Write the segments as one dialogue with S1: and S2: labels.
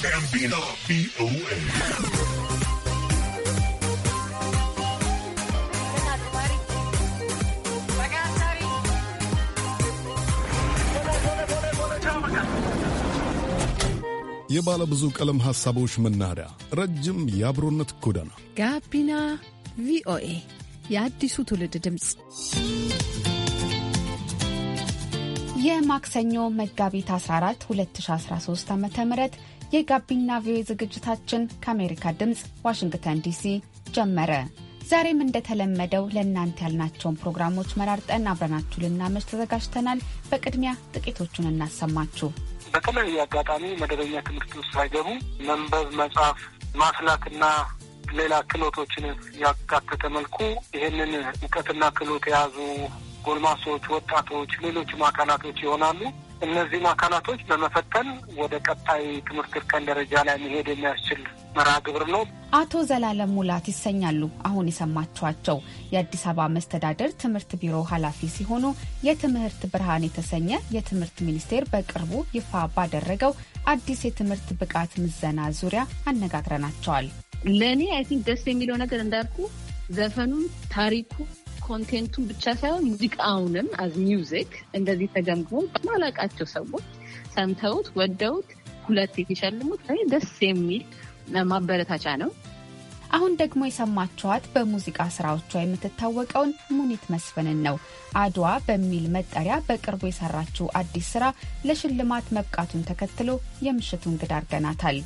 S1: የባለ
S2: ብዙ ቀለም ሐሳቦች መናኸሪያ፣ ረጅም የአብሮነት ጎዳና
S3: ጋቢና ቪኦኤ የአዲሱ ትውልድ ድምፅ። የማክሰኞ መጋቢት 14 2013 ዓ ም የጋቢና ቪኦኤ ዝግጅታችን ከአሜሪካ ድምፅ ዋሽንግተን ዲሲ ጀመረ። ዛሬም እንደተለመደው ለእናንተ ያልናቸውን ፕሮግራሞች መራርጠን አብረናችሁ ልናመሽ ተዘጋጅተናል። በቅድሚያ ጥቂቶቹን እናሰማችሁ።
S1: በተለያዩ አጋጣሚ መደበኛ ትምህርት ውስጥ ሳይገቡ መንበብ፣ መጻፍ፣ ማስላትና ሌላ ክህሎቶችን ያካተተ መልኩ ይህንን እውቀትና ክህሎት የያዙ ጎልማሶች፣ ወጣቶች፣ ሌሎችም አካላቶች ይሆናሉ። እነዚህን አካላቶች በመፈተን ወደ ቀጣይ ትምህርት እርከን ደረጃ ላይ መሄድ የሚያስችል መርሃ ግብር ነው።
S3: አቶ ዘላለም ሙላት ይሰኛሉ። አሁን የሰማችኋቸው የአዲስ አበባ መስተዳደር ትምህርት ቢሮ ኃላፊ ሲሆኑ የትምህርት ብርሃን የተሰኘ የትምህርት ሚኒስቴር በቅርቡ ይፋ ባደረገው አዲስ የትምህርት ብቃት ምዘና ዙሪያ አነጋግረናቸዋል።
S4: ለእኔ አይ ቲንክ ደስ የሚለው ነገር እንዳልኩ ዘፈኑን ታሪኩ ኮንቴንቱን ብቻ ሳይሆን ሙዚቃውንም አዝ ሚውዚክ እንደዚህ ተገምግሞ ማላቃቸው ሰዎች ሰምተውት ወደውት ሁለት የተሸልሙት ወይ ደስ የሚል ማበረታቻ ነው።
S3: አሁን ደግሞ የሰማችኋት በሙዚቃ ስራዎቿ የምትታወቀውን ሙኒት መስፍንን ነው። አድዋ በሚል መጠሪያ በቅርቡ የሰራችው አዲስ ስራ ለሽልማት መብቃቱን ተከትሎ የምሽቱ እንግዳ አድርገናታል።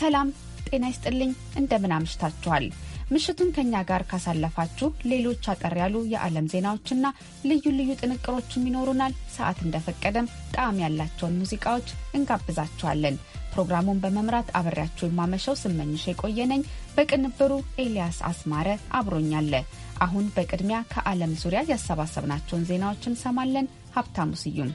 S3: ሰላም ጤና ይስጥልኝ። እንደምን አምሽታችኋል? ምሽቱን ከኛ ጋር ካሳለፋችሁ ሌሎች አጠር ያሉ የዓለም ዜናዎችና ልዩ ልዩ ጥንቅሮችም ይኖሩናል። ሰዓት እንደፈቀደም ጣዕም ያላቸውን ሙዚቃዎች እንጋብዛችኋለን። ፕሮግራሙን በመምራት አብሬያችሁ የማመሸው ስመኝሽ የቆየነኝ፣ በቅንብሩ ኤልያስ አስማረ አብሮኛለ። አሁን በቅድሚያ ከዓለም ዙሪያ ያሰባሰብናቸውን ዜናዎች እንሰማለን። ሀብታሙ ስዩም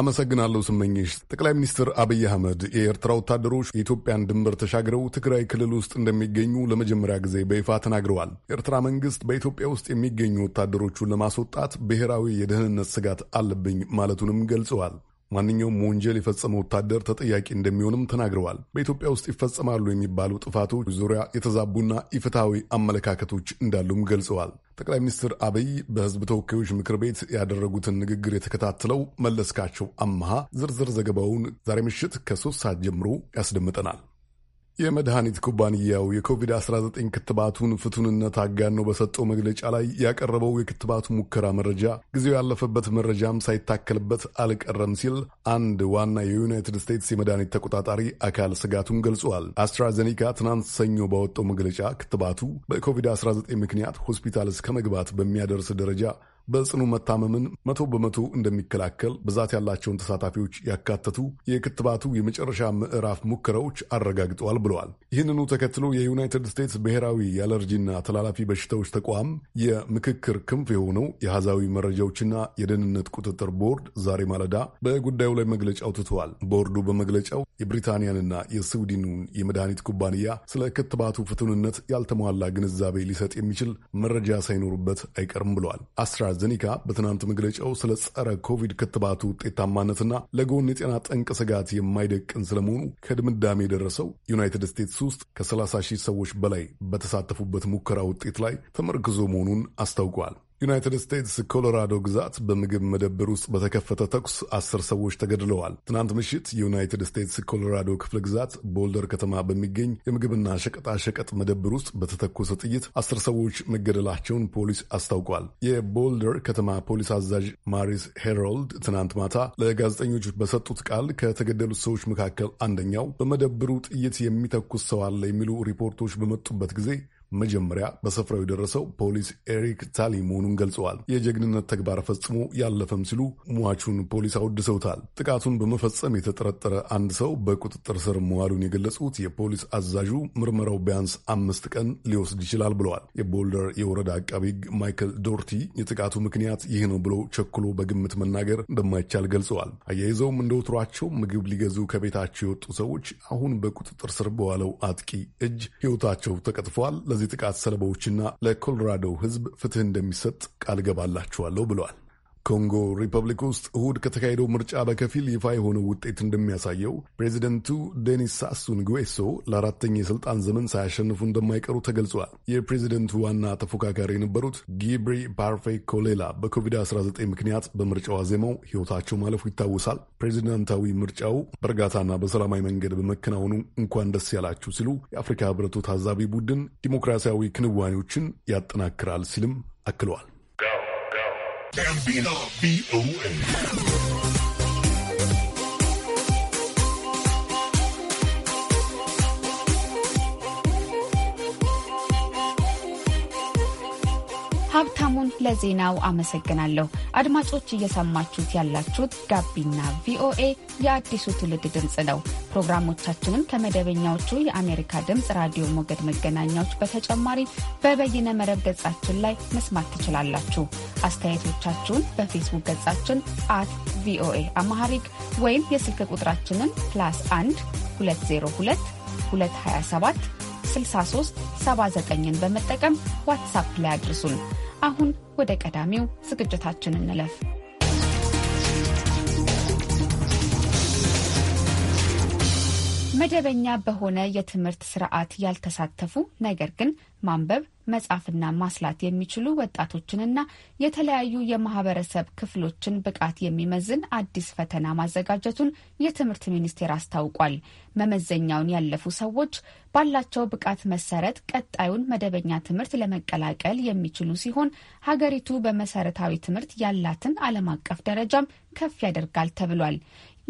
S2: አመሰግናለሁ ስመኝሽ። ጠቅላይ ሚኒስትር አብይ አህመድ የኤርትራ ወታደሮች የኢትዮጵያን ድንበር ተሻግረው ትግራይ ክልል ውስጥ እንደሚገኙ ለመጀመሪያ ጊዜ በይፋ ተናግረዋል። የኤርትራ መንግስት በኢትዮጵያ ውስጥ የሚገኙ ወታደሮቹን ለማስወጣት ብሔራዊ የደህንነት ስጋት አለብኝ ማለቱንም ገልጸዋል። ማንኛውም ወንጀል የፈጸመ ወታደር ተጠያቂ እንደሚሆንም ተናግረዋል። በኢትዮጵያ ውስጥ ይፈጸማሉ የሚባሉ ጥፋቶች ዙሪያ የተዛቡና ኢፍትሐዊ አመለካከቶች እንዳሉም ገልጸዋል። ጠቅላይ ሚኒስትር አብይ በሕዝብ ተወካዮች ምክር ቤት ያደረጉትን ንግግር የተከታተለው መለስካቸው አመሃ ዝርዝር ዘገባውን ዛሬ ምሽት ከሶስት ሰዓት ጀምሮ ያስደምጠናል። የመድኃኒት ኩባንያው የኮቪድ-19 ክትባቱን ፍቱንነት አጋኖ በሰጠው መግለጫ ላይ ያቀረበው የክትባቱ ሙከራ መረጃ ጊዜው ያለፈበት መረጃም ሳይታከልበት አልቀረም ሲል አንድ ዋና የዩናይትድ ስቴትስ የመድኃኒት ተቆጣጣሪ አካል ስጋቱን ገልጿል። አስትራዘኒካ ትናንት ሰኞ ባወጣው መግለጫ ክትባቱ በኮቪድ-19 ምክንያት ሆስፒታል እስከ መግባት በሚያደርስ ደረጃ በጽኑ መታመምን መቶ በመቶ እንደሚከላከል ብዛት ያላቸውን ተሳታፊዎች ያካተቱ የክትባቱ የመጨረሻ ምዕራፍ ሙከራዎች አረጋግጠዋል ብለዋል። ይህንኑ ተከትሎ የዩናይትድ ስቴትስ ብሔራዊ የአለርጂና ተላላፊ በሽታዎች ተቋም የምክክር ክንፍ የሆነው የአሃዛዊ መረጃዎችና የደህንነት ቁጥጥር ቦርድ ዛሬ ማለዳ በጉዳዩ ላይ መግለጫ አውጥተዋል። ቦርዱ በመግለጫው የብሪታንያንና የስዊድኑን የመድኃኒት ኩባንያ ስለ ክትባቱ ፍቱንነት ያልተሟላ ግንዛቤ ሊሰጥ የሚችል መረጃ ሳይኖሩበት አይቀርም ብለዋል። አስትራዘኒካ በትናንት መግለጫው ስለ ጸረ ኮቪድ ክትባቱ ውጤታማነትና ለጎን የጤና ጠንቅ ስጋት የማይደቅን ስለመሆኑ ከድምዳሜ የደረሰው ዩናይትድ ስቴትስ ውስጥ ከ30 ሺህ ሰዎች በላይ በተሳተፉበት ሙከራ ውጤት ላይ ተመርክዞ መሆኑን አስታውቋል። ዩናይትድ ስቴትስ ኮሎራዶ ግዛት በምግብ መደብር ውስጥ በተከፈተ ተኩስ አስር ሰዎች ተገድለዋል። ትናንት ምሽት የዩናይትድ ስቴትስ ኮሎራዶ ክፍለ ግዛት ቦልደር ከተማ በሚገኝ የምግብና ሸቀጣሸቀጥ መደብር ውስጥ በተተኮሰ ጥይት አስር ሰዎች መገደላቸውን ፖሊስ አስታውቋል። የቦልደር ከተማ ፖሊስ አዛዥ ማሪስ ሄሮልድ ትናንት ማታ ለጋዜጠኞች በሰጡት ቃል ከተገደሉት ሰዎች መካከል አንደኛው በመደብሩ ጥይት የሚተኩስ ሰው አለ የሚሉ ሪፖርቶች በመጡበት ጊዜ መጀመሪያ በስፍራው የደረሰው ፖሊስ ኤሪክ ታሊ መሆኑን ገልጸዋል። የጀግንነት ተግባር ፈጽሞ ያለፈም ሲሉ ሟቹን ፖሊስ አወድሰውታል። ጥቃቱን በመፈጸም የተጠረጠረ አንድ ሰው በቁጥጥር ስር መዋሉን የገለጹት የፖሊስ አዛዡ ምርመራው ቢያንስ አምስት ቀን ሊወስድ ይችላል ብለዋል። የቦልደር የወረዳ አቃቢ ሕግ ማይክል ዶርቲ የጥቃቱ ምክንያት ይህ ነው ብሎ ቸኩሎ በግምት መናገር እንደማይቻል ገልጸዋል። አያይዘውም እንደ ወትሯቸው ምግብ ሊገዙ ከቤታቸው የወጡ ሰዎች አሁን በቁጥጥር ስር በዋለው አጥቂ እጅ ሕይወታቸው ተቀጥፈዋል። ለዚህ ጥቃት ሰለባዎችና ለኮሎራዶ ሕዝብ ፍትህ እንደሚሰጥ ቃል ገባላችኋለሁ ብለዋል። ኮንጎ ሪፐብሊክ ውስጥ እሁድ ከተካሄደው ምርጫ በከፊል ይፋ የሆነው ውጤት እንደሚያሳየው ፕሬዚደንቱ ዴኒስ ሳሱን ጉዌሶ ለአራተኛ የሥልጣን ዘመን ሳያሸንፉ እንደማይቀሩ ተገልጿል። የፕሬዚደንቱ ዋና ተፎካካሪ የነበሩት ጊብሪ ባርፌ ኮሌላ በኮቪድ-19 ምክንያት በምርጫው ዋዜማው ሕይወታቸው ማለፉ ይታወሳል። ፕሬዚደንታዊ ምርጫው በእርጋታና በሰላማዊ መንገድ በመከናወኑ እንኳን ደስ ያላችሁ ሲሉ የአፍሪካ ሕብረቱ ታዛቢ ቡድን ዲሞክራሲያዊ ክንዋኔዎችን ያጠናክራል ሲልም አክለዋል።
S1: Gambino VOA.
S3: ሀብታሙን ለዜናው አመሰግናለሁ። አድማጮች እየሰማችሁት ያላችሁት ጋቢና ቪኦኤ የአዲሱ ትውልድ ድምፅ ነው። ፕሮግራሞቻችንን ከመደበኛዎቹ የአሜሪካ ድምፅ ራዲዮ ሞገድ መገናኛዎች በተጨማሪ በበይነ መረብ ገጻችን ላይ መስማት ትችላላችሁ። አስተያየቶቻችሁን በፌስቡክ ገጻችን አት ቪኦኤ አማሃሪክ ወይም የስልክ ቁጥራችንን ፕላስ 1 202 227 79 ን በመጠቀም ዋትሳፕ ላይ አድርሱን። አሁን ወደ ቀዳሚው ዝግጅታችን እንለፍ። መደበኛ በሆነ የትምህርት ስርዓት ያልተሳተፉ ነገር ግን ማንበብ መጻፍና ማስላት የሚችሉ ወጣቶችንና የተለያዩ የማህበረሰብ ክፍሎችን ብቃት የሚመዝን አዲስ ፈተና ማዘጋጀቱን የትምህርት ሚኒስቴር አስታውቋል። መመዘኛውን ያለፉ ሰዎች ባላቸው ብቃት መሰረት ቀጣዩን መደበኛ ትምህርት ለመቀላቀል የሚችሉ ሲሆን ሀገሪቱ በመሰረታዊ ትምህርት ያላትን ዓለም አቀፍ ደረጃም ከፍ ያደርጋል ተብሏል።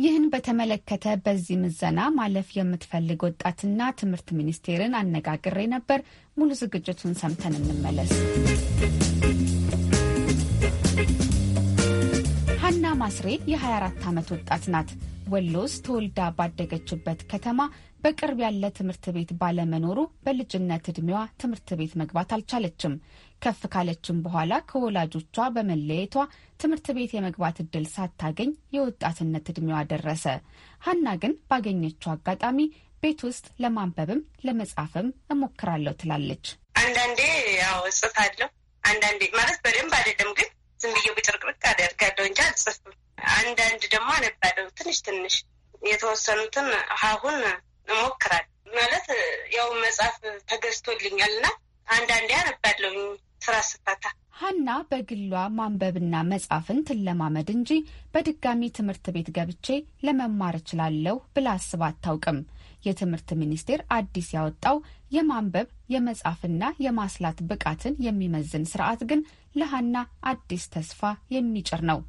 S3: ይህን በተመለከተ በዚህ ምዘና ማለፍ የምትፈልግ ወጣትና ትምህርት ሚኒስቴርን አነጋግሬ ነበር። ሙሉ ዝግጅቱን ሰምተን እንመለስ። ሀና ማስሬ የ24 ዓመት ወጣት ናት። ወሎዝ ተወልዳ ባደገችበት ከተማ በቅርብ ያለ ትምህርት ቤት ባለመኖሩ በልጅነት ዕድሜዋ ትምህርት ቤት መግባት አልቻለችም። ከፍ ካለችም በኋላ ከወላጆቿ በመለየቷ ትምህርት ቤት የመግባት እድል ሳታገኝ የወጣትነት እድሜዋ ደረሰ። ሀና ግን ባገኘችው አጋጣሚ ቤት ውስጥ ለማንበብም ለመጻፍም እሞክራለሁ ትላለች።
S2: አንዳንዴ ያው እጽፋለሁ፣ አንዳንዴ ማለት በደንብ አይደለም፣ ግን ዝም ብዬ ብጭርቅርቅ አደርጋለሁ እንጂ
S5: አልጽፍም። አንዳንድ ደግሞ አነባለሁ፣ ትንሽ ትንሽ የተወሰኑትን ሀሁን እሞክራለሁ። ማለት ያው መጽሐፍ ተገዝቶልኛል እና አንዳንዴ አነባለሁኝ
S3: ስራ ስታታ ሀና በግሏ ማንበብና መጻፍን ትለማመድ እንጂ በድጋሚ ትምህርት ቤት ገብቼ ለመማር እችላለሁ ብላ አስባ አታውቅም። የትምህርት ሚኒስቴር አዲስ ያወጣው የማንበብ የመጻፍና የማስላት ብቃትን የሚመዝን ስርዓት ግን ለሀና አዲስ ተስፋ የሚጭር ነው።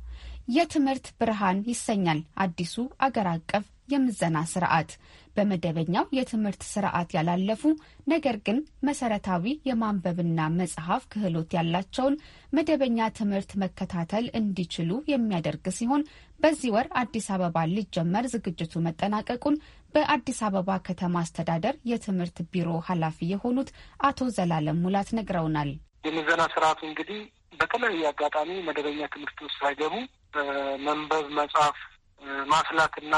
S3: የትምህርት ብርሃን ይሰኛል አዲሱ አገር አቀፍ የምዘና ስርዓት በመደበኛው የትምህርት ስርዓት ያላለፉ ነገር ግን መሰረታዊ የማንበብና መጽሐፍ ክህሎት ያላቸውን መደበኛ ትምህርት መከታተል እንዲችሉ የሚያደርግ ሲሆን በዚህ ወር አዲስ አበባ ሊጀመር ዝግጅቱ መጠናቀቁን በአዲስ አበባ ከተማ አስተዳደር የትምህርት ቢሮ ኃላፊ የሆኑት አቶ ዘላለም ሙላት ነግረውናል።
S1: የምዘና ስርዓቱ እንግዲህ በተለያየ አጋጣሚ መደበኛ ትምህርት ውስጥ ሳይገቡ መንበብ፣ መጽሐፍ ማስላትና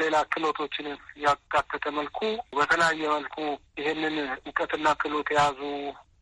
S1: ሌላ ክህሎቶችን ያካተተ መልኩ በተለያየ መልኩ ይሄንን እውቀትና ክህሎት የያዙ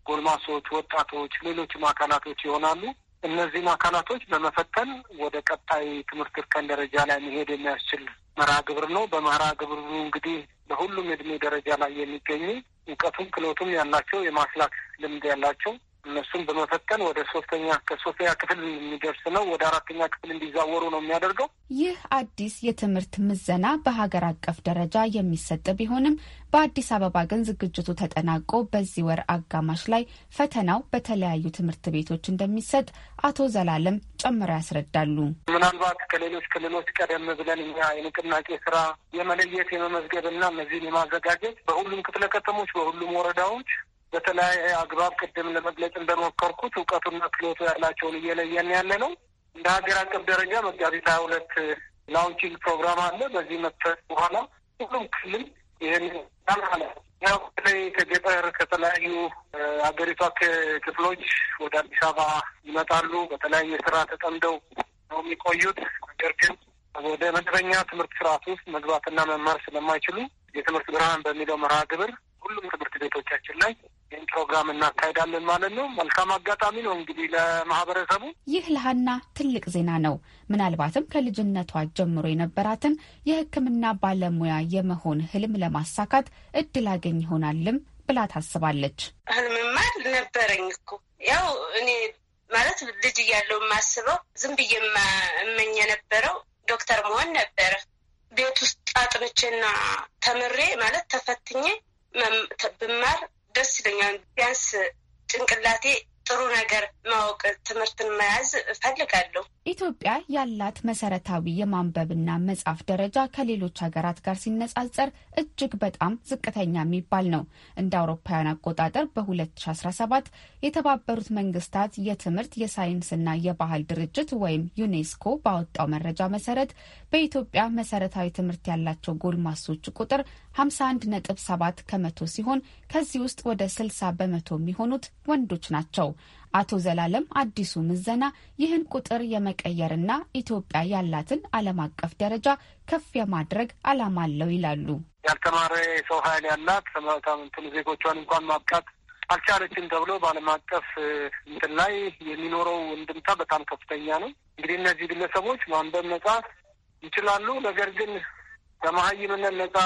S1: ጎልማሶች፣ ወጣቶች፣ ሌሎችም አካላቶች ይሆናሉ። እነዚህም አካላቶች በመፈተን ወደ ቀጣይ ትምህርት እርከን ደረጃ ላይ መሄድ የሚያስችል መርሃ ግብር ነው። በመርሃ ግብሩ እንግዲህ በሁሉም እድሜ ደረጃ ላይ የሚገኙ እውቀቱም ክህሎቱም ያላቸው የማስላክ ልምድ ያላቸው እነሱም በመፈተን ወደ ሶስተኛ ከሶስተኛ ክፍል የሚደርስ ነው ወደ አራተኛ ክፍል እንዲዛወሩ ነው የሚያደርገው።
S3: ይህ አዲስ የትምህርት ምዘና በሀገር አቀፍ ደረጃ የሚሰጥ ቢሆንም በአዲስ አበባ ግን ዝግጅቱ ተጠናቆ በዚህ ወር አጋማሽ ላይ ፈተናው በተለያዩ ትምህርት ቤቶች እንደሚሰጥ አቶ ዘላለም ጨምረው ያስረዳሉ።
S1: ምናልባት ከሌሎች ክልሎች ቀደም ብለን እኛ የንቅናቄ ስራ የመለየት የመመዝገብ እነዚህን የማዘጋጀት በሁሉም ክፍለ ከተሞች በሁሉም ወረዳዎች በተለያየ አግባብ ቅድም ለመግለጽ እንደሞከርኩት እውቀቱና ክሎቱ ያላቸውን እየለየን ያለ ነው። እንደ ሀገር አቀፍ ደረጃ መጋቢት ሀያ ሁለት ላውንቺንግ ፕሮግራም አለ። በዚህ መፈት በኋላ ሁሉም ክልል ይህን ያው በተለይ ከገጠር ከተለያዩ ሀገሪቷ ክፍሎች ወደ አዲስ አበባ ይመጣሉ። በተለያየ ስራ ተጠምደው ነው የሚቆዩት። ነገር ግን ወደ መደበኛ ትምህርት ስርዓት ውስጥ መግባትና መማር ስለማይችሉ የትምህርት ብርሃን በሚለው መርሃ ግብር ሁሉም ትምህርት ቤቶቻችን ላይ ይህን ፕሮግራም እናካሄዳለን ማለት ነው። መልካም አጋጣሚ ነው እንግዲህ ለማህበረሰቡ።
S3: ይህ ለሀና ትልቅ ዜና ነው። ምናልባትም ከልጅነቷ ጀምሮ የነበራትን የሕክምና ባለሙያ የመሆን ህልም ለማሳካት እድል አገኝ ይሆናልም ብላ ታስባለች። ህልምማ
S5: ነበረኝ እኮ ያው እኔ ማለት ልጅ እያለው የማስበው ዝም ብዬ እመኝ የነበረው ዶክተር መሆን ነበረ። ቤት ውስጥ አጥንቼና ተምሬ ማለት ተፈትኜ ብማር ደስ ይለኛል። ቢያንስ ጭንቅላቴ ጥሩ ነገር ማወቅ፣ ትምህርትን መያዝ እፈልጋለሁ።
S3: ኢትዮጵያ ያላት መሰረታዊ የማንበብና መጻፍ ደረጃ ከሌሎች ሀገራት ጋር ሲነጻጸር እጅግ በጣም ዝቅተኛ የሚባል ነው። እንደ አውሮፓውያን አቆጣጠር በ2017 የተባበሩት መንግስታት የትምህርት የሳይንስና የባህል ድርጅት ወይም ዩኔስኮ ባወጣው መረጃ መሰረት በኢትዮጵያ መሰረታዊ ትምህርት ያላቸው ጎልማሶች ቁጥር 51.7 ከመቶ ሲሆን ከዚህ ውስጥ ወደ 60 በመቶ የሚሆኑት ወንዶች ናቸው። አቶ ዘላለም አዲሱ ምዘና ይህን ቁጥር የመቀየርና ኢትዮጵያ ያላትን ዓለም አቀፍ ደረጃ ከፍ የማድረግ ዓላማ አለው ይላሉ።
S1: ያልተማረ የሰው ኃይል ያላት ሰማታምንትን ዜጎቿን እንኳን ማብቃት አልቻለችም ተብሎ በዓለም አቀፍ እንትን ላይ የሚኖረው እንድምታ በጣም ከፍተኛ ነው። እንግዲህ እነዚህ ግለሰቦች ማንበብ መጻፍ ይችላሉ። ነገር ግን በመሀይምነት ነጻ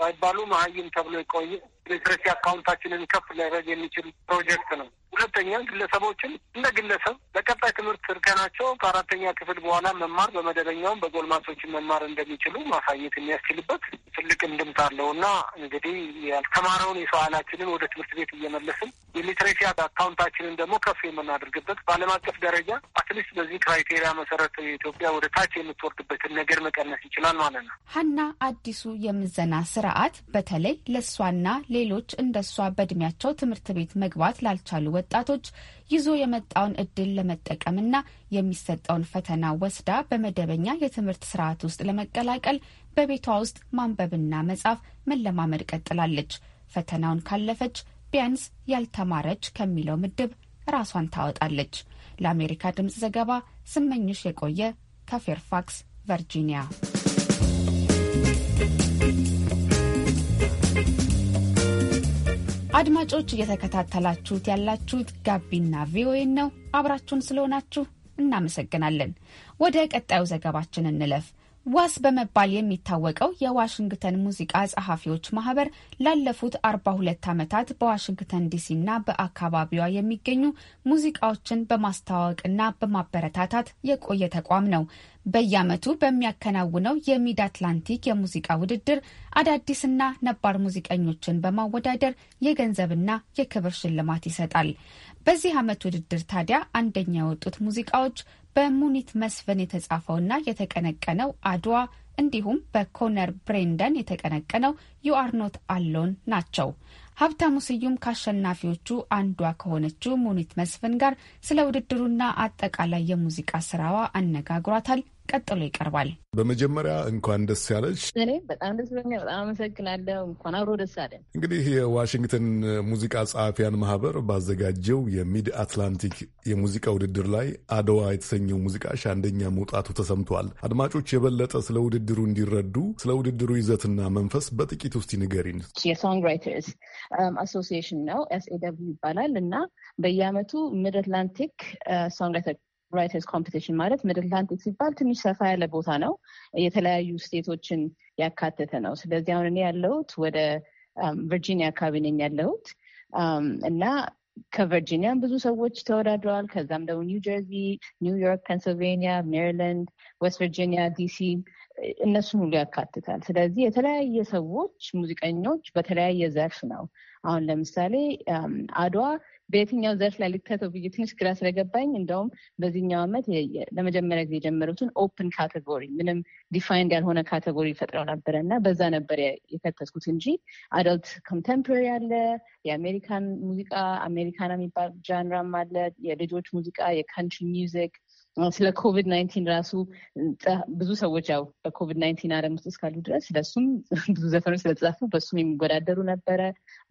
S1: ባይባሉ መሀይም ተብሎ ይቆይ ሊትረሲ አካውንታችንን ከፍ ሊያደርግ የሚችል ፕሮጀክት ነው። ሁለተኛ ግለሰቦችን እንደ ግለሰብ በቀጣይ ትምህርት እርከናቸው ከአራተኛ ክፍል በኋላ መማር በመደበኛውም በጎልማሶችን መማር እንደሚችሉ ማሳየት የሚያስችልበት ትልቅ እንድምት አለው እና እንግዲህ ያልተማረውን የሰው ኃይላችንን ወደ ትምህርት ቤት እየመለስን የሊትሬሲ አካውንታችንን ደግሞ ከፍ የምናደርግበት በዓለም አቀፍ ደረጃ አትሊስት በዚህ ክራይቴሪያ መሰረት ኢትዮጵያ ወደ ታች የምትወርድበትን ነገር መቀነስ ይችላል ማለት ነው።
S3: ሀና አዲሱ የምዘና ስርዓት በተለይ ለእሷና ሌሎች እንደሷ በእድሜያቸው ትምህርት ቤት መግባት ላልቻሉ ወጣቶች ይዞ የመጣውን እድል ለመጠቀምና የሚሰጠውን ፈተና ወስዳ በመደበኛ የትምህርት ስርዓት ውስጥ ለመቀላቀል በቤቷ ውስጥ ማንበብና መጻፍ መለማመድ ቀጥላለች። ፈተናውን ካለፈች ቢያንስ ያልተማረች ከሚለው ምድብ ራሷን ታወጣለች። ለአሜሪካ ድምፅ ዘገባ ስመኝሽ የቆየ ከፌርፋክስ ቨርጂኒያ አድማጮች እየተከታተላችሁት ያላችሁት ጋቢና ቪኦኤ ነው። አብራችሁን ስለሆናችሁ እናመሰግናለን። ወደ ቀጣዩ ዘገባችን እንለፍ። ዋስ በመባል የሚታወቀው የዋሽንግተን ሙዚቃ ጸሐፊዎች ማህበር ላለፉት አርባ ሁለት ዓመታት በዋሽንግተን እና በአካባቢዋ የሚገኙ ሙዚቃዎችን በማስተዋወቅና በማበረታታት የቆየ ተቋም ነው። በየዓመቱ በሚያከናውነው የሚድ አትላንቲክ የሙዚቃ ውድድር አዳዲስና ነባር ሙዚቀኞችን በማወዳደር የገንዘብና የክብር ሽልማት ይሰጣል። በዚህ ዓመት ውድድር ታዲያ አንደኛ የወጡት ሙዚቃዎች በሙኒት መስፍን የተጻፈውና የተቀነቀነው አድዋ እንዲሁም በኮነር ብሬንደን የተቀነቀነው ዩአርኖት አሎን ናቸው። ሀብታሙ ስዩም ከአሸናፊዎቹ አንዷ ከሆነችው ሙኒት መስፍን ጋር ስለ ውድድሩና አጠቃላይ የሙዚቃ ስራዋ አነጋግሯታል። ቀጥሎ ይቀርባል።
S2: በመጀመሪያ እንኳን ደስ ያለች።
S3: እኔም በጣም ደስ ብሎኛል። በጣም
S4: አመሰግናለሁ። እንኳን አብሮ ደስ አለን።
S2: እንግዲህ የዋሽንግተን ሙዚቃ ጸሐፊያን ማህበር ባዘጋጀው የሚድ አትላንቲክ የሙዚቃ ውድድር ላይ አድዋ የተሰኘው ሙዚቃሽ አንደኛ መውጣቱ ተሰምቷል። አድማጮች የበለጠ ስለ ውድድሩ እንዲረዱ ስለ ውድድሩ ይዘትና መንፈስ በጥቂት ውስጥ ይንገሪን።
S4: የሶንግ ራይተርስ አሶሲሽን ነው ኤስ ይባላል እና በየአመቱ ሚድ አትላንቲክ ሶንግ ራይተር ራይተርስ ኮምፒቲሽን ማለት ሚድ አትላንቲክ ሲባል ትንሽ ሰፋ ያለ ቦታ ነው። የተለያዩ ስቴቶችን ያካተተ ነው። ስለዚህ አሁን እኔ ያለሁት ወደ ቨርጂኒያ um, አካባቢ ነኝ ያለሁት um, እና ከቨርጂኒያም ብዙ ሰዎች ተወዳድረዋል። ከዛም ደግሞ ኒው ጀርዚ፣ ኒውዮርክ፣ ፔንስልቬኒያ፣ ሜሪላንድ፣ ዌስት ቨርጂኒያ፣ ዲሲ እነሱን ሁሉ ያካትታል። ስለዚህ የተለያየ ሰዎች ሙዚቀኞች በተለያየ ዘርፍ ነው። አሁን ለምሳሌ um, አድዋ በየትኛው ዘርፍ ላይ ልከተው ብዬ ትንሽ ግራ ስለገባኝ እንደውም በዚህኛው ዓመት ለመጀመሪያ ጊዜ የጀመሩትን ኦፕን ካቴጎሪ ምንም ዲፋይንድ ያልሆነ ካቴጎሪ ፈጥረው ነበረ እና በዛ ነበር የከተትኩት እንጂ አዳልት ኮንቴምፖራሪ አለ፣ የአሜሪካን ሙዚቃ አሜሪካና የሚባል ጃንራም አለ፣ የልጆች ሙዚቃ፣ የካንትሪ ሚውዚክ ስለ ኮቪድ ናይንቲን ራሱ ብዙ ሰዎች ያው በኮቪድ ናይንቲን ዓለም ውስጥ እስካሉ ድረስ ስለሱም ብዙ ዘፈኖች ስለተጻፉ በሱም የሚወዳደሩ ነበረ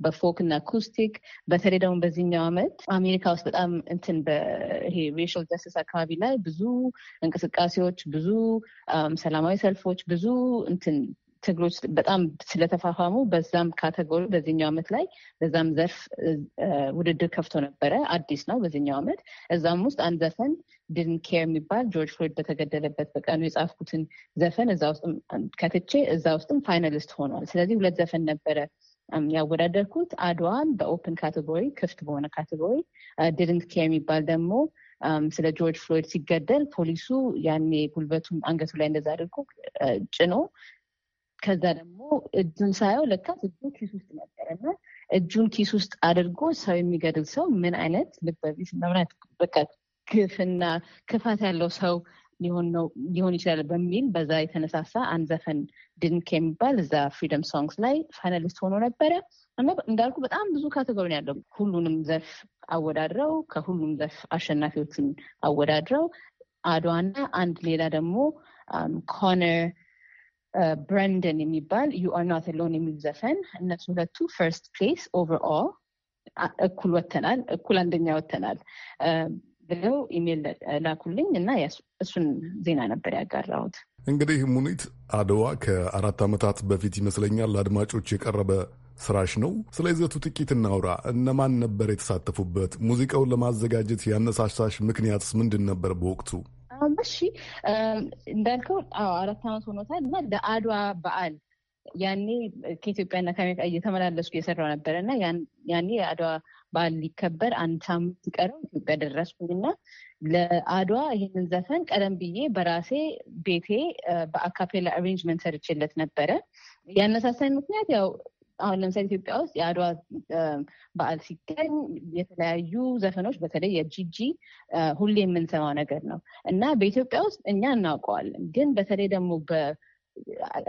S4: በፎክ እና አኩስቲክ። በተለይ ደግሞ በዚህኛው ዓመት አሜሪካ ውስጥ በጣም እንትን በይሄ ሬሽል ጀስቲስ አካባቢ ላይ ብዙ እንቅስቃሴዎች፣ ብዙ ሰላማዊ ሰልፎች፣ ብዙ እንትን ትግሎች በጣም ስለተፋፋሙ በዛም ካተጎሪ በዚኛው ዓመት ላይ በዛም ዘርፍ ውድድር ከፍቶ ነበረ። አዲስ ነው በዚኛው ዓመት እዛም ውስጥ አንድ ዘፈን ድን ኬር የሚባል ጆርጅ ፍሎይድ በተገደለበት በቀኑ የጻፍኩትን ዘፈን እዛ ውስጥም ከትቼ እዛ ውስጥም ፋይናሊስት ሆኗል። ስለዚህ ሁለት ዘፈን ነበረ ያወዳደርኩት አድዋን በኦፕን ካቴጎሪ ክፍት በሆነ ካቴጎሪ፣ ድድንት ኬር የሚባል ደግሞ ስለ ጆርጅ ፍሎይድ ሲገደል ፖሊሱ ያኔ ጉልበቱን አንገቱ ላይ እንደዛ አድርጎ ጭኖ ከዛ ደግሞ እጁን ሳየው ለካት እጁ ኪስ ውስጥ ነበር እና እጁን ኪስ ውስጥ አድርጎ ሰው የሚገድል ሰው ምን አይነት ልበቢስ በቃ ግፍና ክፋት ያለው ሰው ሊሆን ይችላል በሚል በዛ የተነሳሳ አንድ ዘፈን ድንክ የሚባል እዛ ፍሪደም ሶንግስ ላይ ፋይናሊስት ሆኖ ነበረ እና እንዳልኩ በጣም ብዙ ካቴጎሪ ያለው ሁሉንም ዘርፍ አወዳድረው ከሁሉም ዘርፍ አሸናፊዎቹን አወዳድረው አድዋና አንድ ሌላ ደግሞ ኮነር um, ብረንደን uh, የሚባል ዩ አር ናት ሎን የሚል ዘፈን እነሱ ሁለቱ ፈርስት ፕሌስ ኦቨርኦል እኩል ወተናል። እኩል አንደኛ ወተናል። ብለው ኢሜል ላኩልኝ እና እሱን ዜና ነበር ያጋራሁት።
S2: እንግዲህ ሙኒት አድዋ ከአራት ዓመታት በፊት ይመስለኛል ለአድማጮች የቀረበ ስራሽ ነው። ስለ ይዘቱ ጥቂት እናውራ። እነማን ነበር የተሳተፉበት? ሙዚቃውን ለማዘጋጀት ያነሳሳሽ ምክንያትስ ምንድን ነበር በወቅቱ?
S5: እሺ
S4: እንዳልከው አራት ዓመት ሆኖታል እና ለአድዋ በዓል ያኔ ከኢትዮጵያና ከአሜሪካ እየተመላለስኩ የሰራው ነበረ እና ያኔ የአድዋ በዓል ሊከበር አንድ ሳምንት ሲቀረው ኢትዮጵያ ደረስኩኝና ለአድዋ ይህንን ዘፈን ቀደም ብዬ በራሴ ቤቴ በአካፔላ አሬንጅመንት ሰርችለት ነበረ። ያነሳሳኝ ምክንያት ያው አሁን ለምሳሌ ኢትዮጵያ ውስጥ የአድዋ በዓል ሲገኝ የተለያዩ ዘፈኖች በተለይ የጂጂ ሁሌ የምንሰማው ነገር ነው እና በኢትዮጵያ ውስጥ እኛ እናውቀዋለን። ግን በተለይ ደግሞ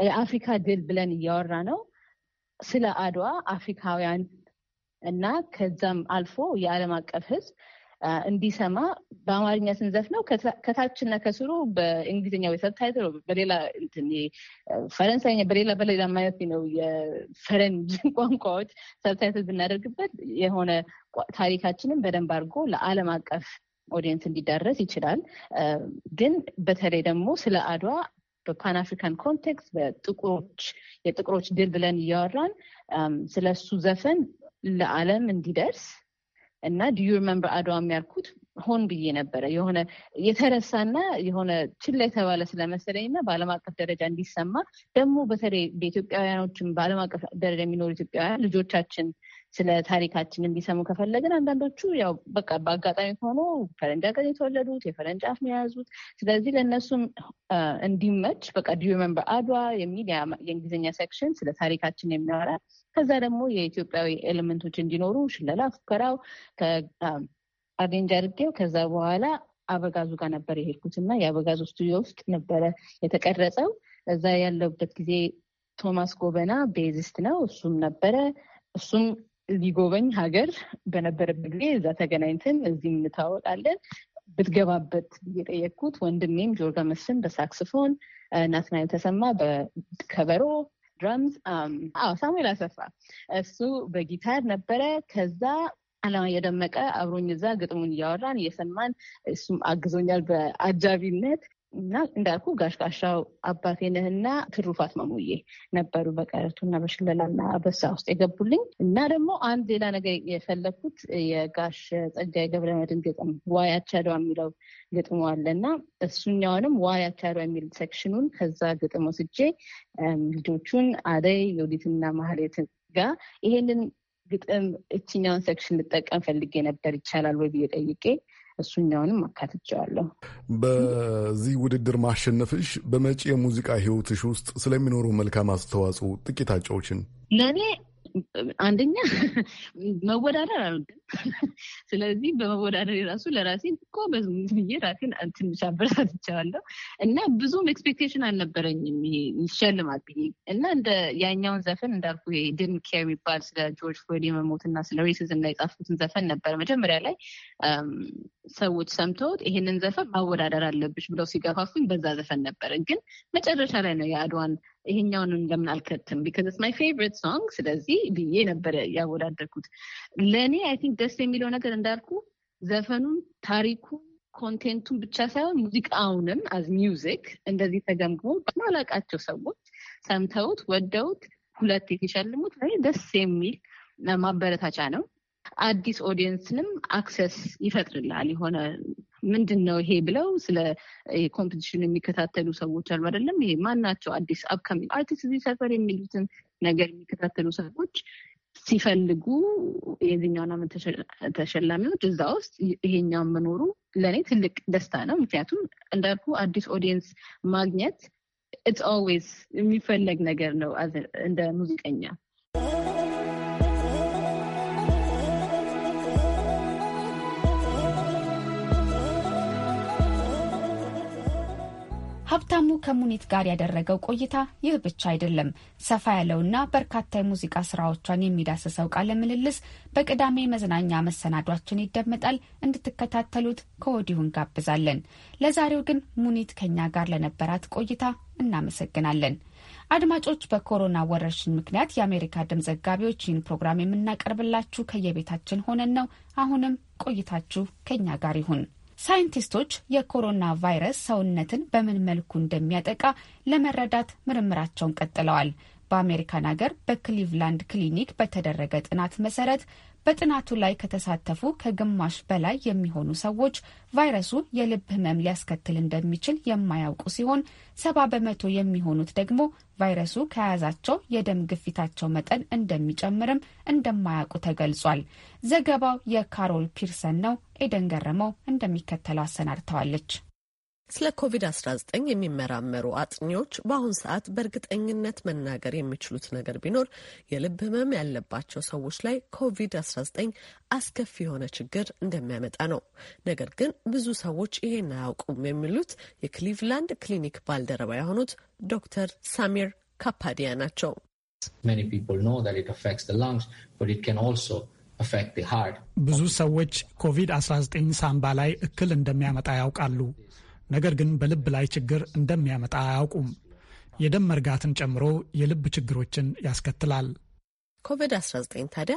S4: የአፍሪካ ድል ብለን እያወራ ነው ስለ አድዋ አፍሪካውያን እና ከዛም አልፎ የዓለም አቀፍ ህዝብ እንዲሰማ በአማርኛ ስንዘፍ ነው ከታችና ከስሩ በእንግሊዝኛ ሰብታይትል በሌላ ፈረንሳይኛ በሌላ በሌላ ማለት ነው የፈረንጅ ቋንቋዎች ሰብታይትል ብናደርግበት የሆነ ታሪካችንን በደንብ አድርጎ ለዓለም አቀፍ ኦዲየንስ እንዲዳረስ ይችላል። ግን በተለይ ደግሞ ስለ አድዋ በፓን አፍሪካን ኮንቴክስት በጥቁሮች የጥቁሮች ድል ብለን እያወራን ስለ እሱ ዘፈን ለዓለም እንዲደርስ እና ዲዩ ሪመምበር አድዋ የሚያልኩት ሆን ብዬ ነበረ። የሆነ የተረሳና የሆነ ችላ የተባለ ስለመሰለኝ እና በዓለም አቀፍ ደረጃ እንዲሰማ ደግሞ በተለይ በኢትዮጵያውያኖችም በዓለም አቀፍ ደረጃ የሚኖሩ ኢትዮጵያውያን ልጆቻችን ስለ ታሪካችን እንዲሰሙ ከፈለግን አንዳንዶቹ ያው በቃ በአጋጣሚ ሆኖ ፈረንጅ ሀገር የተወለዱት የፈረንጅ አፍ የያዙት። ስለዚህ ለእነሱም እንዲመች በቃ ዲዩ ሪመምበር አድዋ የሚል የእንግሊዝኛ ሴክሽን ስለ ታሪካችን የሚያወራ ከዛ ደግሞ የኢትዮጵያዊ ኤሌመንቶች እንዲኖሩ ሽለላ፣ ፉከራው አሬንጅ አድርጌው ከዛ በኋላ አበጋዙ ጋር ነበር የሄድኩት እና የአበጋዙ ስቱዲዮ ውስጥ ነበረ የተቀረጸው። እዛ ያለሁበት ጊዜ ቶማስ ጎበና ቤዚስት ነው እሱም ነበረ እሱም ሊጎበኝ ሀገር በነበረበት ጊዜ እዛ ተገናኝተን እዚህ እንታወቃለን። ብትገባበት የጠየቅኩት ወንድሜም ጆርጋ መስፍን በሳክስፎን፣ ናትናኤል ተሰማ በከበሮ ድራምስ፣ ሳሙኤል አሰፋ እሱ በጊታር ነበረ። ከዛ አላማ የደመቀ አብሮኝ እዛ ግጥሙን እያወራን እየሰማን እሱም አግዞኛል በአጃቢነት። እና እንዳልኩ ጋሽ ጋሻው አባቴነህና ትሩፋት መሙዬ ነበሩ በቀረቱና በሽለላና በሳ ውስጥ የገቡልኝ። እና ደግሞ አንድ ሌላ ነገር የፈለግኩት የጋሽ ጸጋዬ ገብረመድህን ግጥም ዋይ አቻዶ የሚለው ግጥሙ አለ እና እሱኛውንም ዋይ አቻዶ የሚል ሴክሽኑን ከዛ ግጥም ወስጄ ልጆቹን አደይ የወዲትና ማህሌት ጋር ይሄንን ግጥም እችኛውን ሴክሽን ልጠቀም ፈልጌ ነበር ይቻላል ወይ ብዬ ጠይቄ እሱኛውንም አካትቼዋለሁ።
S2: በዚህ ውድድር ማሸነፍሽ በመጪ የሙዚቃ ህይወትሽ ውስጥ ስለሚኖሩ መልካም አስተዋጽኦ ጥቂት አጫዎችን
S4: ለእኔ አንደኛ መወዳደር አልወድም። ስለዚህ በመወዳደር የራሱ ለራሴ እኮ ብዬ ራሴን ትንሽ አበረታትቻለሁ እና ብዙም ኤክስፔክቴሽን አልነበረኝም ይሸልማል ብዬ እና እንደ ያኛውን ዘፈን እንዳልኩ ድን ኬር የሚባል ስለ ጆርጅ ፍሎይድ የመሞት እና ስለ ሬሲዝም ላይ የጻፉትን ዘፈን ነበር መጀመሪያ ላይ ሰዎች ሰምተውት ይሄንን ዘፈን ማወዳደር አለብሽ ብለው ሲገፋፉኝ በዛ ዘፈን ነበረ። ግን መጨረሻ ላይ ነው የአድዋን ይሄኛውን እንደምን አልከትም ቢካዝ ኢትስ ማይ ፌቨሪት ሶንግ ስለዚህ ብዬ ነበረ ያወዳደርኩት። ለእኔ አይ ቲንክ ደስ የሚለው ነገር እንዳልኩ ዘፈኑን፣ ታሪኩ፣ ኮንቴንቱን ብቻ ሳይሆን ሙዚቃውንም አዝ ሚውዚክ እንደዚህ ተገምግሞ በማላቃቸው ሰዎች ሰምተውት ወደውት ሁለት የተሸልሙት ደስ የሚል ማበረታቻ ነው። አዲስ ኦዲየንስንም አክሰስ ይፈጥርላል የሆነ ምንድን ነው ይሄ ብለው ስለ ኮምፒቲሽን የሚከታተሉ ሰዎች አሉ አይደለም። ይሄ ናቸው አዲስ አፕካሚንግ አርቲስት እዚህ ሰፈር የሚሉትን ነገር የሚከታተሉ ሰዎች ሲፈልጉ የዚህኛውን አመት ተሸላሚዎች እዛ ውስጥ ይሄኛውን መኖሩ ለእኔ ትልቅ ደስታ ነው። ምክንያቱም እንዳልኩ አዲስ ኦዲየንስ ማግኘት ኢትስ ኦልዌይስ የሚፈለግ ነገር ነው እንደ ሙዚቀኛ
S3: ሀብታሙ ከሙኒት ጋር ያደረገው ቆይታ ይህ ብቻ አይደለም። ሰፋ ያለውና በርካታ የሙዚቃ ስራዎቿን የሚዳስሰው ቃለ ምልልስ በቅዳሜ መዝናኛ መሰናዷችን ይደመጣል። እንድትከታተሉት ከወዲሁ እንጋብዛለን። ለዛሬው ግን ሙኒት ከኛ ጋር ለነበራት ቆይታ እናመሰግናለን። አድማጮች፣ በኮሮና ወረርሽኝ ምክንያት የአሜሪካ ድምፅ ዘጋቢዎች ይህን ፕሮግራም የምናቀርብላችሁ ከየቤታችን ሆነን ነው። አሁንም ቆይታችሁ ከኛ ጋር ይሁን። ሳይንቲስቶች የኮሮና ቫይረስ ሰውነትን በምን መልኩ እንደሚያጠቃ ለመረዳት ምርምራቸውን ቀጥለዋል። በአሜሪካን ሀገር በክሊቭላንድ ክሊኒክ በተደረገ ጥናት መሰረት በጥናቱ ላይ ከተሳተፉ ከግማሽ በላይ የሚሆኑ ሰዎች ቫይረሱ የልብ ህመም ሊያስከትል እንደሚችል የማያውቁ ሲሆን ሰባ በመቶ የሚሆኑት ደግሞ ቫይረሱ ከያዛቸው የደም ግፊታቸው መጠን እንደሚጨምርም እንደማያውቁ ተገልጿል። ዘገባው የካሮል ፒርሰን ነው። ኤደን ገረመው እንደሚከተለው አሰናድተዋለች። ስለ ኮቪድ-19
S5: የሚመራመሩ አጥኚዎች በአሁን ሰዓት በእርግጠኝነት መናገር የሚችሉት ነገር ቢኖር የልብ ህመም ያለባቸው ሰዎች ላይ ኮቪድ-19 አስከፊ የሆነ ችግር እንደሚያመጣ ነው። ነገር ግን ብዙ ሰዎች ይሄን አያውቁም የሚሉት የክሊቭላንድ ክሊኒክ ባልደረባ የሆኑት ዶክተር ሳሚር ካፓዲያ ናቸው።
S6: ብዙ ሰዎች ኮቪድ-19 ሳምባ ላይ እክል እንደሚያመጣ ያውቃሉ። ነገር ግን በልብ ላይ ችግር እንደሚያመጣ አያውቁም። የደም መርጋትን ጨምሮ የልብ ችግሮችን ያስከትላል።
S5: ኮቪድ-19 ታዲያ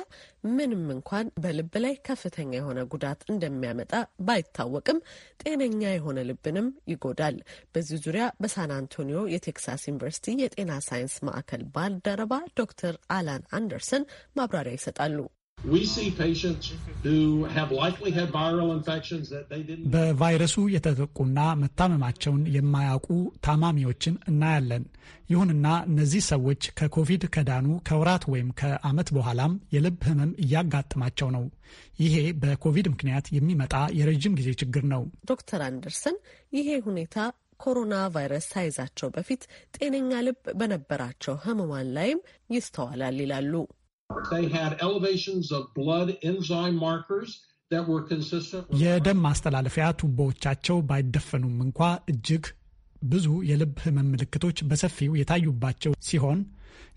S5: ምንም እንኳን በልብ ላይ ከፍተኛ የሆነ ጉዳት እንደሚያመጣ ባይታወቅም ጤነኛ የሆነ ልብንም ይጎዳል። በዚህ ዙሪያ በሳን አንቶኒዮ የቴክሳስ ዩኒቨርሲቲ የጤና ሳይንስ ማዕከል ባልደረባ ዶክተር አላን አንደርሰን ማብራሪያ ይሰጣሉ።
S6: በቫይረሱ የተጠቁና መታመማቸውን የማያውቁ ታማሚዎችን እናያለን። ይሁንና እነዚህ ሰዎች ከኮቪድ ከዳኑ ከወራት ወይም ከዓመት በኋላም የልብ ሕመም እያጋጠማቸው ነው። ይሄ በኮቪድ ምክንያት የሚመጣ የረዥም ጊዜ ችግር ነው።
S5: ዶክተር አንደርሰን ይሄ ሁኔታ ኮሮና ቫይረስ ሳይዛቸው በፊት ጤነኛ ልብ በነበራቸው ህመማን ላይም ይስተዋላል ይላሉ።
S6: የደም ማስተላለፊያ ቱቦዎቻቸው ባይደፈኑም እንኳ እጅግ ብዙ የልብ ህመም ምልክቶች በሰፊው የታዩባቸው ሲሆን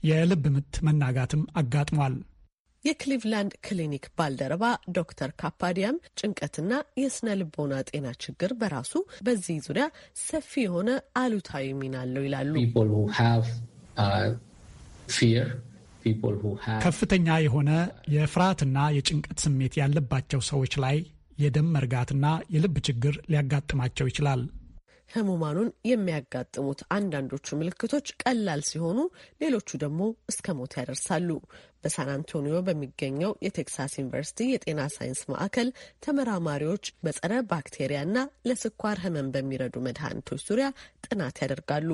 S6: የልብ ምት መናጋትም አጋጥሟል።
S5: የክሊቭላንድ ክሊኒክ ባልደረባ ዶክተር ካፓዲያም ጭንቀትና የስነ ልቦና ጤና ችግር በራሱ በዚህ ዙሪያ ሰፊ የሆነ
S6: አሉታዊ ሚና አለው ይላሉ። ከፍተኛ የሆነ የፍርሃትና የጭንቀት ስሜት ያለባቸው ሰዎች ላይ የደም መርጋትና የልብ ችግር ሊያጋጥማቸው ይችላል።
S5: ህሙማኑን የሚያጋጥሙት አንዳንዶቹ ምልክቶች ቀላል ሲሆኑ ሌሎቹ ደግሞ እስከ ሞት ያደርሳሉ። በሳን አንቶኒዮ በሚገኘው የቴክሳስ ዩኒቨርሲቲ የጤና ሳይንስ ማዕከል ተመራማሪዎች በጸረ ባክቴሪያና ለስኳር ህመም በሚረዱ መድኃኒቶች ዙሪያ ጥናት ያደርጋሉ።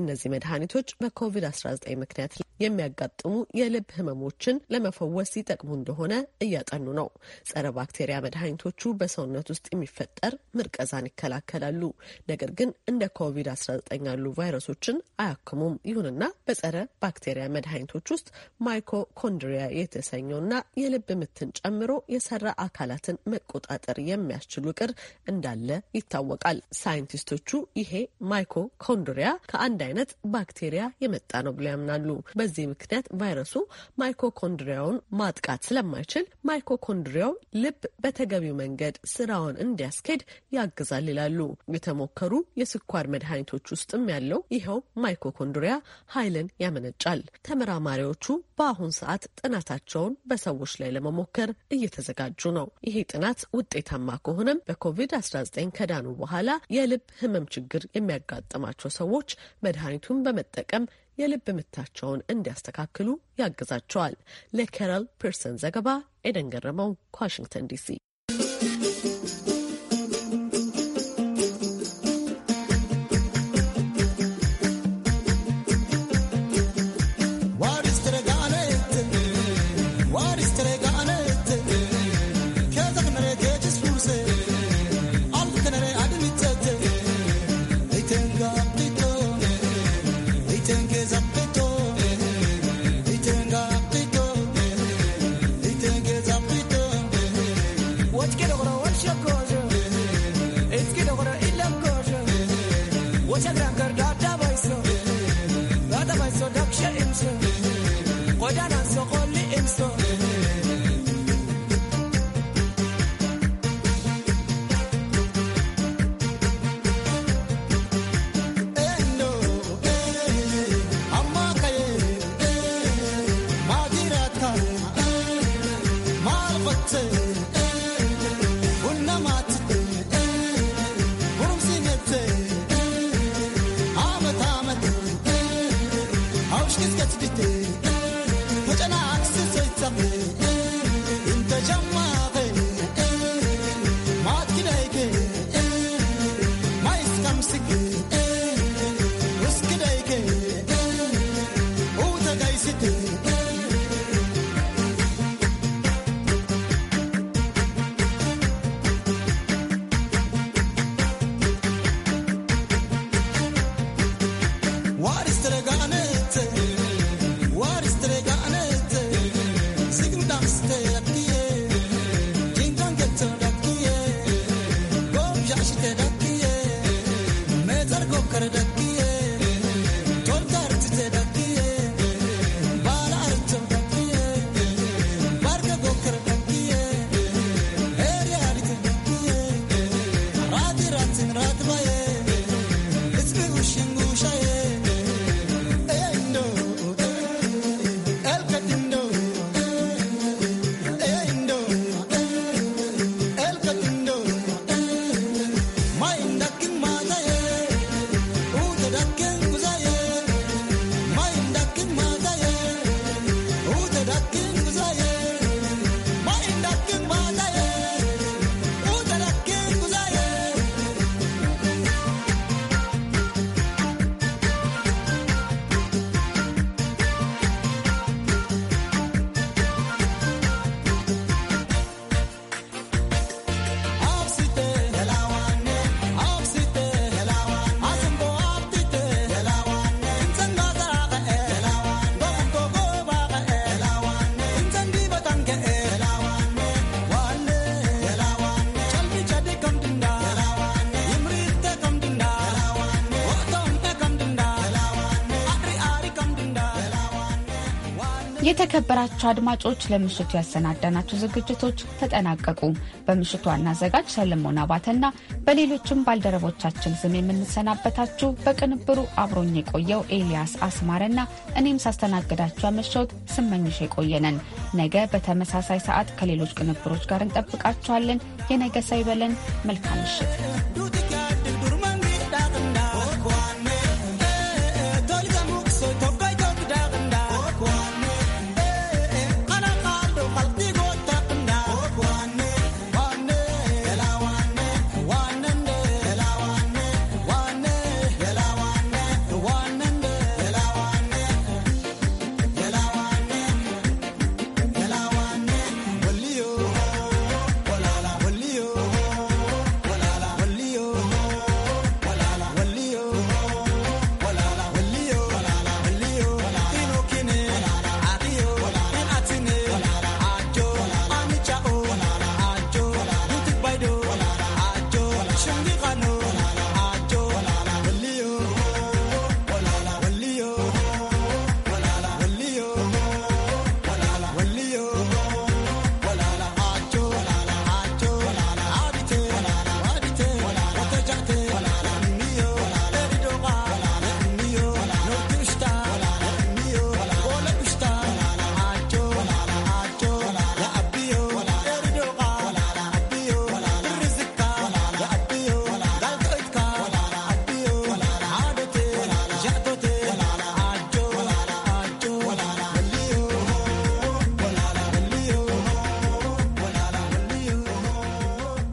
S5: እነዚህ መድኃኒቶች በኮቪድ-19 ምክንያት የሚያጋጥሙ የልብ ህመሞችን ለመፈወስ ይጠቅሙ እንደሆነ እያጠኑ ነው። ጸረ ባክቴሪያ መድኃኒቶቹ በሰውነት ውስጥ የሚፈጠር ምርቀዛን ይከላከላሉ። ነገር ግን እንደ ኮቪድ-19 ያሉ ቫይረሶችን አያክሙም። ይሁንና በጸረ ባክቴሪያ መድኃኒቶች ውስጥ ማይኮ ሚቶኮንድሪያ የተሰኘውና የልብ ምትን ጨምሮ የሰራ አካላትን መቆጣጠር የሚያስችል ውቅር እንዳለ ይታወቃል። ሳይንቲስቶቹ ይሄ ማይኮኮንድሪያ ከአንድ አይነት ባክቴሪያ የመጣ ነው ብለው ያምናሉ። በዚህ ምክንያት ቫይረሱ ማይኮኮንድሪያውን ማጥቃት ስለማይችል ማይኮኮንድሪያው ልብ በተገቢው መንገድ ስራውን እንዲያስኬድ ያግዛል ይላሉ። የተሞከሩ የስኳር መድኃኒቶች ውስጥም ያለው ይኸው ማይኮኮንድሪያ ኃይልን ያመነጫል። ተመራማሪዎቹ በአሁን ሰዓት በስፋት ጥናታቸውን በሰዎች ላይ ለመሞከር እየተዘጋጁ ነው። ይሄ ጥናት ውጤታማ ከሆነም በኮቪድ-19 ከዳኑ በኋላ የልብ ህመም ችግር የሚያጋጥማቸው ሰዎች መድኃኒቱን በመጠቀም የልብ ምታቸውን እንዲያስተካክሉ ያግዛቸዋል። ለኬረል ፒርሰን ዘገባ ኤደን ገረመው ከዋሽንግተን ዲሲ
S3: የተከበራቸው አድማጮች ለምሽቱ ያሰናዳናቸው ዝግጅቶች ተጠናቀቁ። በምሽቱ ዋና አዘጋጅ ሰለሞን አባተና በሌሎችም ባልደረቦቻችን ስም የምንሰናበታችሁ በቅንብሩ አብሮኝ የቆየው ኤልያስ አስማረና እኔም ሳስተናግዳችሁ ያመሸሁት ስመኝሽ የቆየነን። ነገ በተመሳሳይ ሰዓት ከሌሎች ቅንብሮች ጋር እንጠብቃችኋለን። የነገ ሳይበለን መልካም ምሽት።